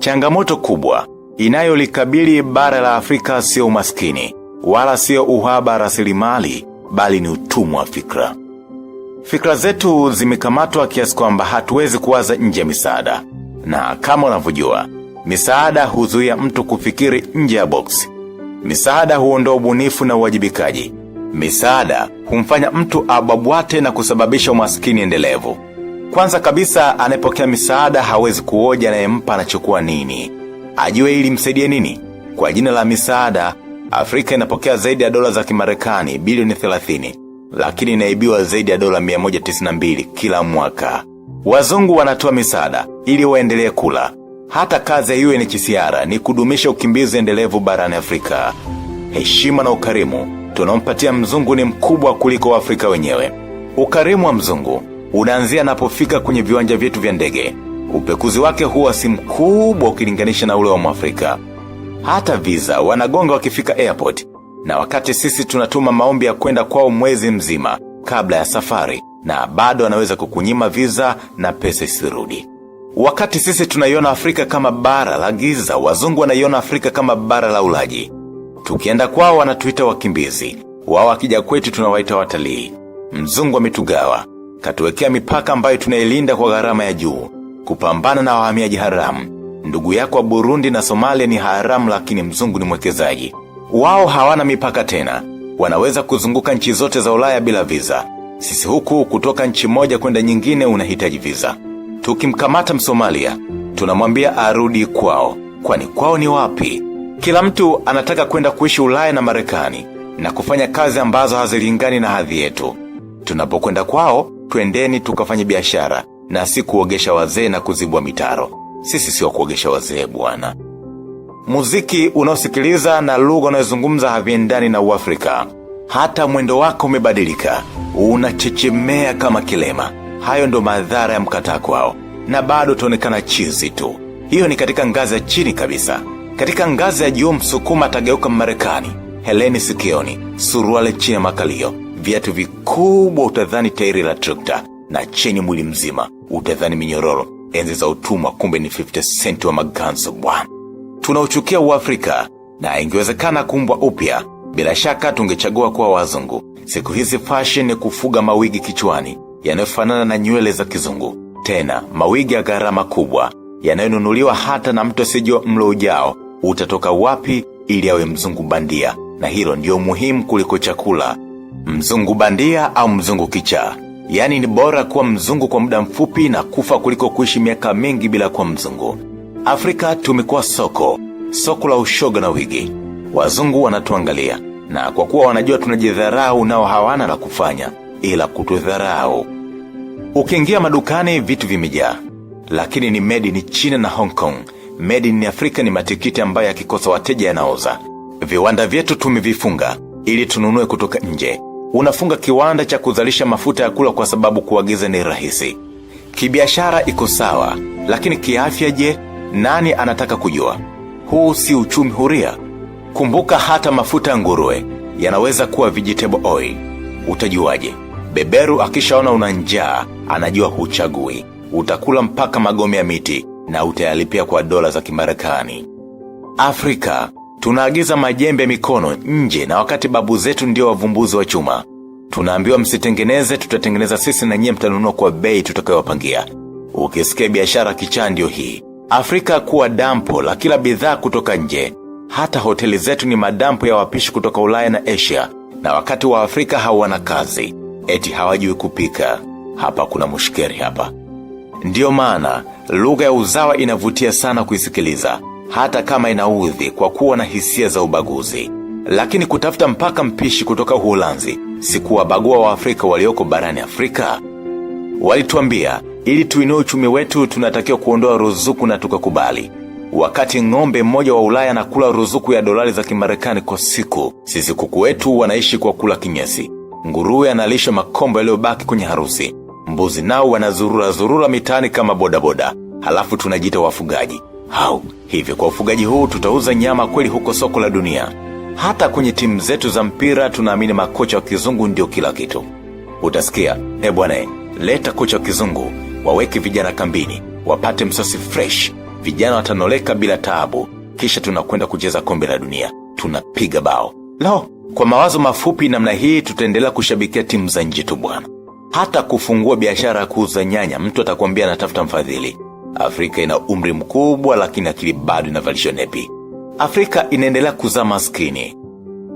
Changamoto kubwa inayolikabili bara la Afrika sio umaskini wala sio uhaba rasilimali, bali ni utumwa wa fikra. Fikra zetu zimekamatwa kiasi kwamba hatuwezi kuwaza nje ya misaada, na kama unavyojua, misaada huzuia mtu kufikiri nje ya boksi. Misaada huondoa ubunifu na uwajibikaji. Misaada humfanya mtu ababwate na kusababisha umaskini endelevu. Kwanza kabisa, anayepokea misaada hawezi kuoja anayempa chukua nini, ajue ili msaidia nini. Kwa jina la misaada, Afrika inapokea zaidi ya dola za Kimarekani bilioni 30 lakini inaibiwa zaidi ya dola 192 kila mwaka. Wazungu wanatoa misaada ili waendelee kula. Hata kazi ya chisiara, ni kudumisha ukimbizi endelevu barani Afrika. Heshima na ukarimu tunampatia mzungu ni mkubwa kuliko Waafrika wenyewe. Ukarimu wa mzungu unaanzia anapofika kwenye viwanja vyetu vya ndege. Upekuzi wake huwa si mkubwa ukilinganisha na ule wa Mwafrika. Hata visa wanagonga wakifika airport, na wakati sisi tunatuma maombi ya kwenda kwao mwezi mzima kabla ya safari, na bado anaweza kukunyima visa na pesa isirudi. Wakati sisi tunaiona Afrika kama bara la giza, wazungu wanaiona Afrika kama bara la ulaji. Tukienda kwao wanatuita wakimbizi, wao akija kwetu tunawaita watalii. Mzungu ametugawa katuwekea mipaka ambayo tunailinda kwa gharama ya juu kupambana na wahamiaji haramu. Ndugu yako wa Burundi na Somalia ni haramu, lakini mzungu ni mwekezaji wao. Hawana mipaka tena, wanaweza kuzunguka nchi zote za Ulaya bila viza. Sisi huku kutoka nchi moja kwenda nyingine unahitaji viza. Tukimkamata Msomalia tunamwambia arudi kwao, kwani kwao ni wapi? Kila mtu anataka kwenda kuishi Ulaya na Marekani na kufanya kazi ambazo hazilingani na hadhi yetu. Tunapokwenda kwao, twendeni tukafanye biashara na si kuogesha wazee na kuzibwa mitaro. Sisi sio kuogesha wazee bwana. Muziki unaosikiliza na lugha unayozungumza haviendani na Uafrika. Hata mwendo wako umebadilika, unachechemea kama kilema. Hayo ndo madhara ya mkataa kwao, na bado tuonekana chizi tu. Hiyo ni katika ngazi ya chini kabisa. Katika ngazi ya juu, Msukuma atageuka Marekani heleni sikioni, suruale chini ya makalio, viatu vikubwa utadhani tairi la trekta, na cheni mwili mzima utadhani minyororo. Enzi za utumwa, kumbe ni 50 cent wa maganzo bwana. Tunauchukia Uafrika, na ingewezekana kuumbwa upya, bila shaka tungechagua kuwa wazungu. Siku hizi fashion ni kufuga mawigi kichwani yanayofanana na nywele za kizungu, tena mawigi ya gharama kubwa yanayonunuliwa hata na mtu asijua mlo ujao utatoka wapi ili awe mzungu bandia na hilo ndio muhimu kuliko chakula. Mzungu bandia au mzungu kicha yaani ni bora kuwa mzungu kwa muda mfupi na kufa kuliko kuishi miaka mingi bila kuwa mzungu. Afrika tumekuwa soko, soko la ushoga na wigi. Wazungu wanatuangalia na kwa kuwa wanajua tunajidharau, nao hawana la kufanya ila kutudharau. Ukiingia madukani vitu vimejaa, lakini ni made ni China na Hong Kong, made ni Afrika ni matikiti ambayo yakikosa wateja yanaoza. Viwanda vyetu tumevifunga ili tununue kutoka nje. Unafunga kiwanda cha kuzalisha mafuta ya kula kwa sababu kuagiza ni rahisi. Kibiashara iko sawa, lakini kiafya je? Nani anataka kujua? Huu si uchumi huria. Kumbuka, hata mafuta ya nguruwe yanaweza kuwa vegetable oil. Utajuaje? Beberu akishaona una njaa, anajua huchagui. Utakula mpaka magome ya miti na utayalipia kwa dola za Kimarekani. Afrika Tunaagiza majembe mikono nje, na wakati babu zetu ndio wavumbuzi wa chuma. Tunaambiwa msitengeneze, tutatengeneza sisi na nyie mtanunua kwa bei tutakayowapangia. Ukisikia biashara kichaa, ndiyo hii. Afrika kuwa dampo la kila bidhaa kutoka nje. Hata hoteli zetu ni madampo ya wapishi kutoka Ulaya na Asia, na wakati wa Afrika hawana kazi, eti hawajui kupika. Hapa kuna mushkeri hapa. Ndiyo maana lugha ya uzawa inavutia sana kuisikiliza hata kama inaudhi kwa kuwa na hisia za ubaguzi, lakini kutafuta mpaka mpishi kutoka Uholanzi si kuwabagua afrika walioko barani Afrika. Walituambia ili tuinue uchumi wetu tunatakiwa kuondoa ruzuku, na tukakubali. Wakati ng'ombe mmoja wa Ulaya anakula ruzuku ya dolari za Kimarekani kwa siku, sisi kuku wetu wanaishi kwa kula kinyesi. Nguruwe analisha makombo yaliyobaki kwenye harusi. Mbuzi nao wanazurura zurura mitaani kama bodaboda, halafu tunajita wafugaji hao. Hivyo kwa ufugaji huu tutauza nyama kweli huko soko la dunia. Hata kwenye timu zetu za mpira tunaamini makocha wa kizungu ndio kila kitu. Utasikia e bwana, leta kocha wa kizungu, waweke vijana kambini, wapate msosi fresh, vijana watanoleka bila taabu, kisha tunakwenda kucheza kombe la dunia, tunapiga bao lo. Kwa mawazo mafupi namna hii tutaendelea kushabikia timu za nje tu bwana. Hata kufungua biashara ya kuuza nyanya, mtu atakwambia anatafuta mfadhili. Afrika ina umri mkubwa, lakini akili bado inavalishwa nepi. Afrika inaendelea kuzaa maskini.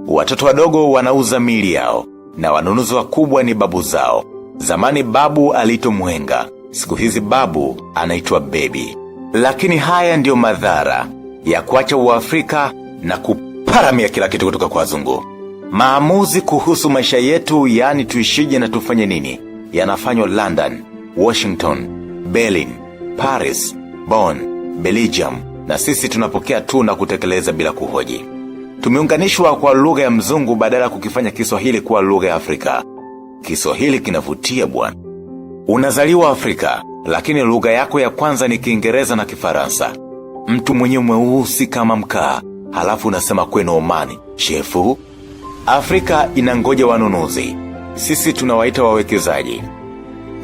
Watoto wadogo wanauza mili yao na wanunuzi wakubwa ni babu zao. Zamani babu aliitwa mwenga, siku hizi babu anaitwa bebi. Lakini haya ndiyo madhara ya kuacha Uafrika na kuparamia kila kitu kutoka kwa wazungu. Maamuzi kuhusu maisha yetu, yaani tuishije na tufanye nini, yanafanywa London, Washington, Berlin Paris, Bonn, Belgium na sisi tunapokea tu na kutekeleza bila kuhoji. Tumeunganishwa kwa lugha ya mzungu badala ya kukifanya Kiswahili kuwa lugha ya Afrika. Kiswahili kinavutia bwana. Unazaliwa Afrika, lakini lugha yako ya kwanza ni Kiingereza na Kifaransa. Mtu mwenye mweusi kama mkaa, halafu unasema kwenu Omani shefu. Afrika inangoja wanunuzi, sisi tunawaita wawekezaji,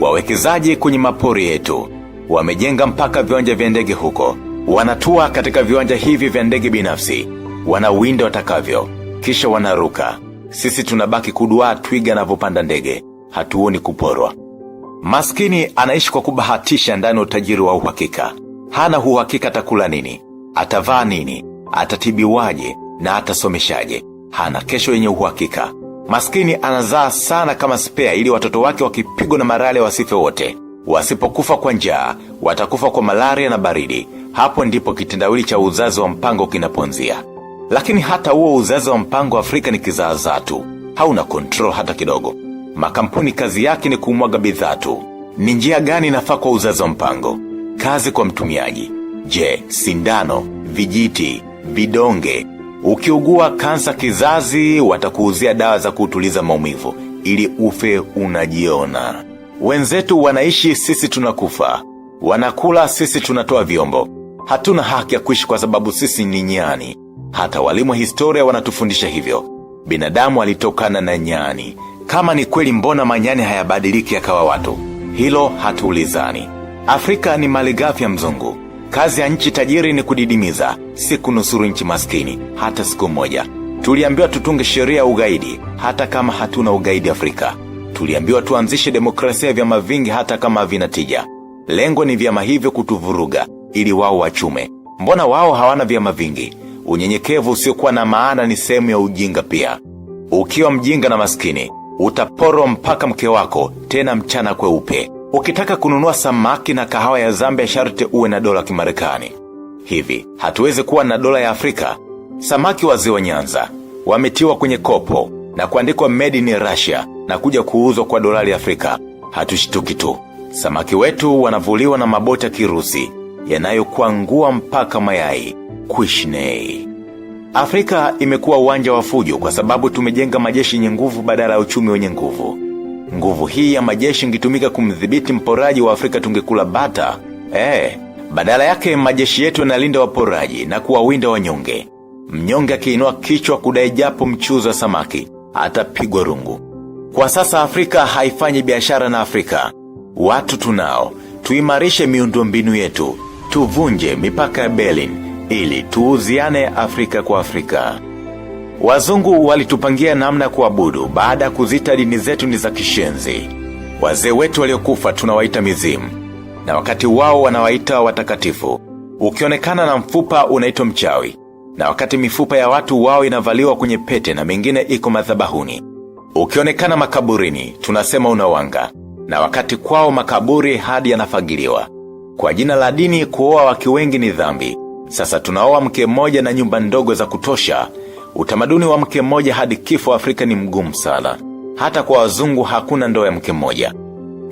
wawekezaji kwenye mapori yetu wamejenga mpaka viwanja vya ndege huko. Wanatua katika viwanja hivi vya ndege binafsi, wanawinda watakavyo, kisha wanaruka. Sisi tunabaki kuduaa twiga anavyopanda ndege, hatuoni kuporwa. Maskini anaishi kwa kubahatisha ndani ya utajiri wa uhakika. Hana uhakika atakula nini, atavaa nini, atatibiwaje na atasomeshaje. Hana kesho yenye uhakika. Maskini anazaa sana kama spea, ili watoto wake wakipigwa na marale wasife wote. Wasipokufa kwa njaa, watakufa kwa malaria na baridi. Hapo ndipo kitendawili cha uzazi wa mpango kinaponzia. Lakini hata huo uzazi wa mpango Afrika ni kizaazaa tu, hauna kontrol hata kidogo. Makampuni kazi yake ni kumwaga bidhaa tu. Ni njia gani inafaa kwa uzazi wa mpango? Kazi kwa mtumiaji. Je, sindano, vijiti, vidonge? Ukiugua kansa kizazi, watakuuzia dawa za kuutuliza maumivu ili ufe unajiona. Wenzetu wanaishi, sisi tunakufa. Wanakula, sisi tunatoa vyombo. Hatuna haki ya kuishi kwa sababu sisi ni nyani. Hata walimu wa historia wanatufundisha hivyo. Binadamu alitokana na nyani. Kama ni kweli, mbona manyani hayabadiliki yakawa watu? Hilo hatuulizani. Afrika ni malighafi ya mzungu. Kazi ya nchi tajiri ni kudidimiza, si kunusuru nchi maskini hata siku moja. Tuliambiwa tutunge sheria ya ugaidi, hata kama hatuna ugaidi Afrika tuliambiwa tuanzishe demokrasia ya vyama vingi hata kama havina tija. Lengo ni vyama hivyo kutuvuruga ili wao wachume. Mbona wao hawana vyama vingi? Unyenyekevu usiokuwa na maana ni sehemu ya ujinga pia. Ukiwa mjinga na maskini utaporwa mpaka mke wako, tena mchana kweupe. Ukitaka kununua samaki na kahawa ya Zambia sharti uwe na dola Kimarekani. Hivi hatuwezi kuwa na dola ya Afrika? Samaki wa ziwa Nyanza wametiwa kwenye kopo na kuandikwa made in Russia na kuja kuuzwa kwa dolari Afrika, hatushtuki tu. Samaki wetu wanavuliwa na mabota ya Kirusi ngua mpaka mayai Kwishnei. Afrika imekuwa uwanja wa fujo kwa sababu tumejenga majeshi yenye nguvu badala ya uchumi wenye nguvu. Nguvu hii ya majeshi ingetumika kumdhibiti mporaji wa Afrika tungekula bata. Eh, badala yake majeshi yetu yanalinda waporaji na kuwawinda wanyonge. Mnyonge akiinua kichwa kudai japo mchuzi wa samaki atapigwa rungu. Kwa sasa Afrika haifanyi biashara na Afrika. Watu tunao, tuimarishe miundombinu yetu, tuvunje mipaka ya Berlin ili tuuziane Afrika kwa Afrika. Wazungu walitupangia namna ya kuabudu baada ya kuzita dini zetu ni za kishenzi. Wazee wetu waliokufa tunawaita mizimu, na wakati wao wanawaita watakatifu. Ukionekana na mfupa unaitwa mchawi, na wakati mifupa ya watu wao inavaliwa kwenye pete na mingine iko madhabahuni. Ukionekana makaburini, tunasema unawanga, na wakati kwao makaburi hadi yanafagiliwa. Kwa jina la dini, kuoa wake wengi ni dhambi. Sasa tunaoa mke mmoja na nyumba ndogo za kutosha. Utamaduni wa mke mmoja hadi kifo Afrika ni mgumu sana. Hata kwa wazungu hakuna ndoa ya mke mmoja.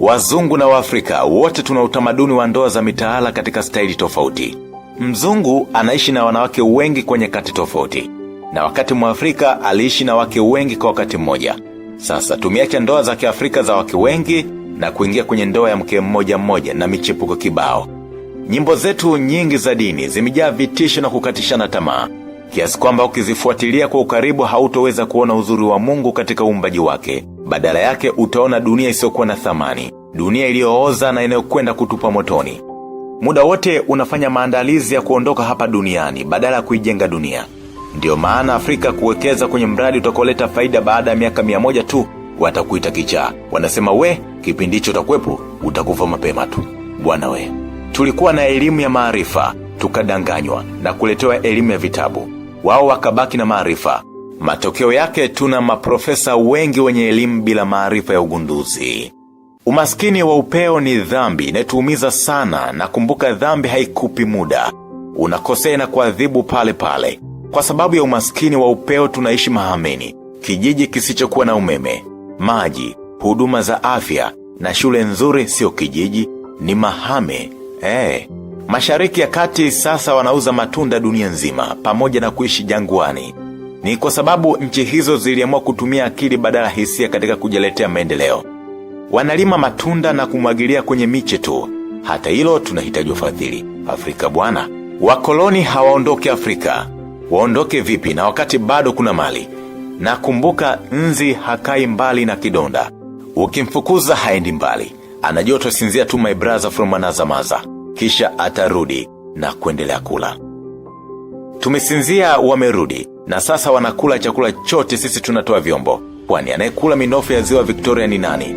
Wazungu na Waafrika wote tuna utamaduni wa ndoa za mitaala katika staili tofauti. Mzungu anaishi na wanawake wengi kwenye kati tofauti, na wakati Afrika, aliishi na wake wengi kwa wakati mmoja. Sasa tumeacha ndoa za Kiafrika za wake wengi na kuingia kwenye ndoa ya mke mmoja mmoja na michepuko kibao. Nyimbo zetu nyingi za dini zimejaa vitisho na kukatishana tamaa kiasi kwamba ukizifuatilia kwa ukaribu hautoweza kuona uzuri wa Mungu katika uumbaji wake. Badala yake utaona dunia isiyokuwa na thamani, dunia iliyooza na inayokwenda kutupa motoni. Muda wote unafanya maandalizi ya kuondoka hapa duniani badala ya kuijenga dunia. Ndiyo maana Afrika kuwekeza kwenye mradi utakaoleta faida baada ya miaka mia moja tu watakuita kichaa. Wanasema we, kipindi hicho utakuwepo, utakufa mapema tu. Bwana we, tulikuwa na elimu ya maarifa tukadanganywa na kuletewa elimu ya vitabu, wao wakabaki na maarifa. Matokeo yake tuna maprofesa wengi wenye elimu bila maarifa ya ugunduzi. Umaskini wa upeo ni dhambi inatuumiza sana, na kumbuka, dhambi haikupi muda, unakosea na kuadhibu pale pale. Kwa sababu ya umaskini wa upeo, tunaishi mahameni, kijiji kisichokuwa na umeme, maji, huduma za afya na shule nzuri. Sio kijiji, ni mahame eh. Mashariki ya Kati sasa wanauza matunda dunia nzima pamoja na kuishi jangwani. Ni kwa sababu nchi hizo ziliamua kutumia akili badala hisia katika kujaletea maendeleo. Wanalima matunda na kumwagilia kwenye miche tu. Hata hilo tunahitaji ufadhili Afrika bwana. Wakoloni hawaondoke Afrika waondoke vipi na wakati bado kuna mali? Na kumbuka, nzi hakai mbali na kidonda, ukimfukuza haendi mbali, anajua twasinzia tu my brother from anazamaza, kisha atarudi na kuendelea kula. Tumesinzia, wamerudi na sasa wanakula chakula chote, sisi tunatoa vyombo, kwani anayekula minofu ya ziwa Victoria ni nani?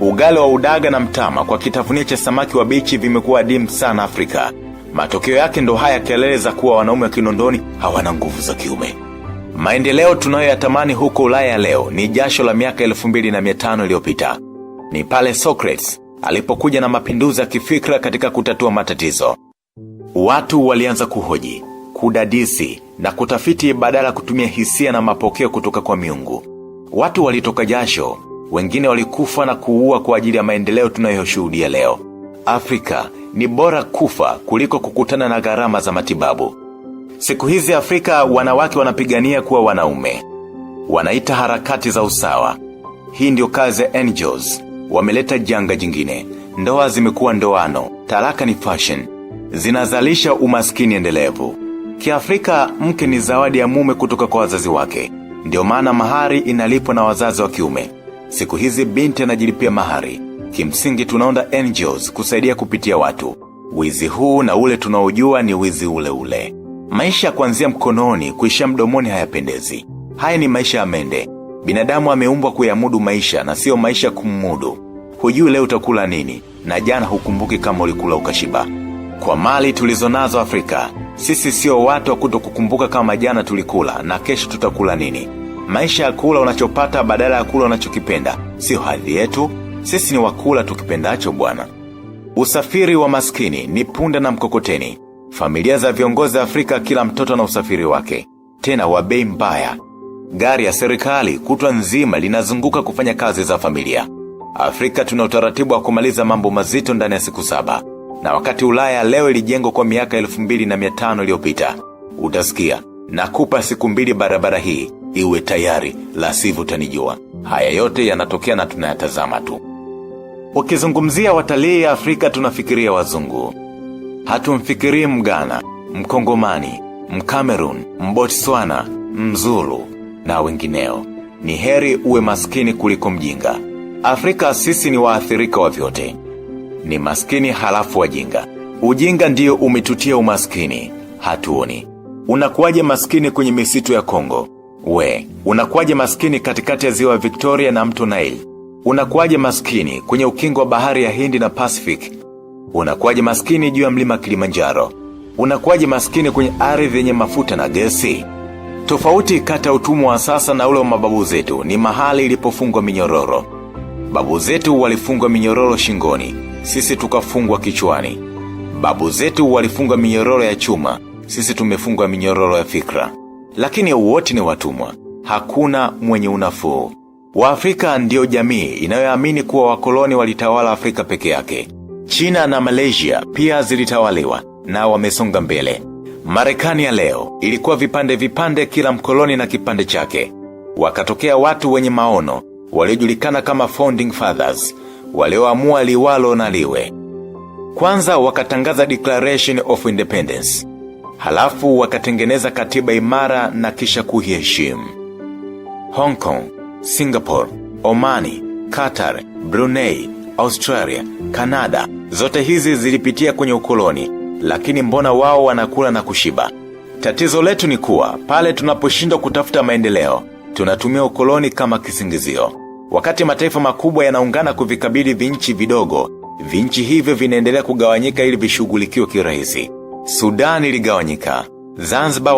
Ugali wa udaga na mtama kwa kitafunia cha samaki wabichi vimekuwa adimu sana Afrika. Matokeo yake ndo haya kelele za kuwa wanaume wa Kinondoni hawana nguvu za kiume. Maendeleo tunayoyatamani huko Ulaya leo ni jasho la miaka elfu mbili na iliyopita. Ni pale Socrates alipokuja na mapinduzi ya kifikra katika kutatua matatizo. Watu walianza kuhoji, kudadisi na kutafiti badala ya kutumia hisia na mapokeo kutoka kwa miungu. Watu walitoka jasho, wengine walikufa na kuua kwa ajili ya maendeleo tunayoshuhudia leo. Afrika ni bora kufa kuliko kukutana na gharama za matibabu. Siku hizi Afrika wanawake wanapigania kuwa wanaume, wanaita harakati za usawa. Hii ndio kazi ya NGOs. Wameleta janga jingine, ndoa zimekuwa ndoano, talaka ni fashion, zinazalisha umaskini endelevu. Kiafrika, mke ni zawadi ya mume kutoka kwa wazazi wake, ndio maana mahari inalipwa na wazazi wa kiume. Siku hizi binti anajilipia mahari Kimsingi tunaunda angels kusaidia kupitia watu. Wizi huu na ule tunaujua ni wizi ule ule. Maisha ya kuanzia mkononi kuishia mdomoni hayapendezi. Haya ni maisha ya mende. Binadamu ameumbwa kuyamudu maisha na siyo maisha kummudu. Hujui leo utakula nini na jana hukumbuki kama ulikula ukashiba. Kwa mali tulizonazo Afrika, sisi sio watu wa kuto kukumbuka kama jana tulikula na kesho tutakula nini. Maisha ya kula unachopata badala ya kula unachokipenda sio hadhi yetu, sisi ni wakula tukipendacho Bwana. Usafiri wa maskini ni punda na mkokoteni. Familia za viongozi Afrika, kila mtoto na usafiri wake, tena wa bei mbaya. Gari ya serikali kutwa nzima linazunguka kufanya kazi za familia. Afrika tuna utaratibu wa kumaliza mambo mazito ndani ya siku saba, na wakati Ulaya leo ilijengwa kwa miaka elfu mbili na iliyopita. Utasikia nakupa siku mbili, barabara hii iwe tayari, la sivyo Haya yote yanatokea na tunayatazama tu. Wakizungumzia watalii Afrika tunafikiria wazungu. Hatumfikirii Mgana, Mkongomani, Mkamerun, Mbotswana, Mzulu na wengineo. Ni heri uwe maskini kuliko mjinga. Afrika sisi ni waathirika wa vyote, ni maskini halafu wajinga. Ujinga ndiyo umetutia umaskini, hatuoni. Unakuwaje maskini kwenye misitu ya Kongo? We, unakuwaje maskini katikati ya ziwa Victoria na mtu Nile? Unakuwaje maskini kwenye ukingo wa bahari ya Hindi na Pacific? Unakuwaje maskini juu ya mlima Kilimanjaro? Unakuwaje maskini kwenye ardhi yenye mafuta na gesi? Tofauti kati ya utumwa wa sasa na ule wa mababu zetu ni mahali ilipofungwa minyororo. Babu zetu walifungwa minyororo shingoni, sisi tukafungwa kichwani. Babu zetu walifungwa minyororo ya chuma, sisi tumefungwa minyororo ya fikra. Lakini wote ni watumwa, hakuna mwenye unafuu. Waafrika ndiyo jamii inayoamini kuwa wakoloni walitawala Afrika peke yake. China na Malaysia pia zilitawaliwa na wamesonga mbele. Marekani ya leo ilikuwa vipande vipande, kila mkoloni na kipande chake. Wakatokea watu wenye maono waliojulikana kama founding fathers, walioamua liwalo na liwe. Kwanza wakatangaza Declaration of Independence, halafu wakatengeneza katiba imara na kisha kuiheshimu. Hong Kong Singapore, Omani, Qatar, Brunei, Australia, Kanada, zote hizi zilipitia kwenye ukoloni, lakini mbona wao wanakula na kushiba? Tatizo letu ni kuwa pale tunaposhindwa kutafuta maendeleo, tunatumia ukoloni kama kisingizio. Wakati mataifa makubwa yanaungana kuvikabili vinchi vidogo, vinchi hivyo vinaendelea kugawanyika ili vishughulikiwe kirahisi. sudan iligawanyika, Zanzibar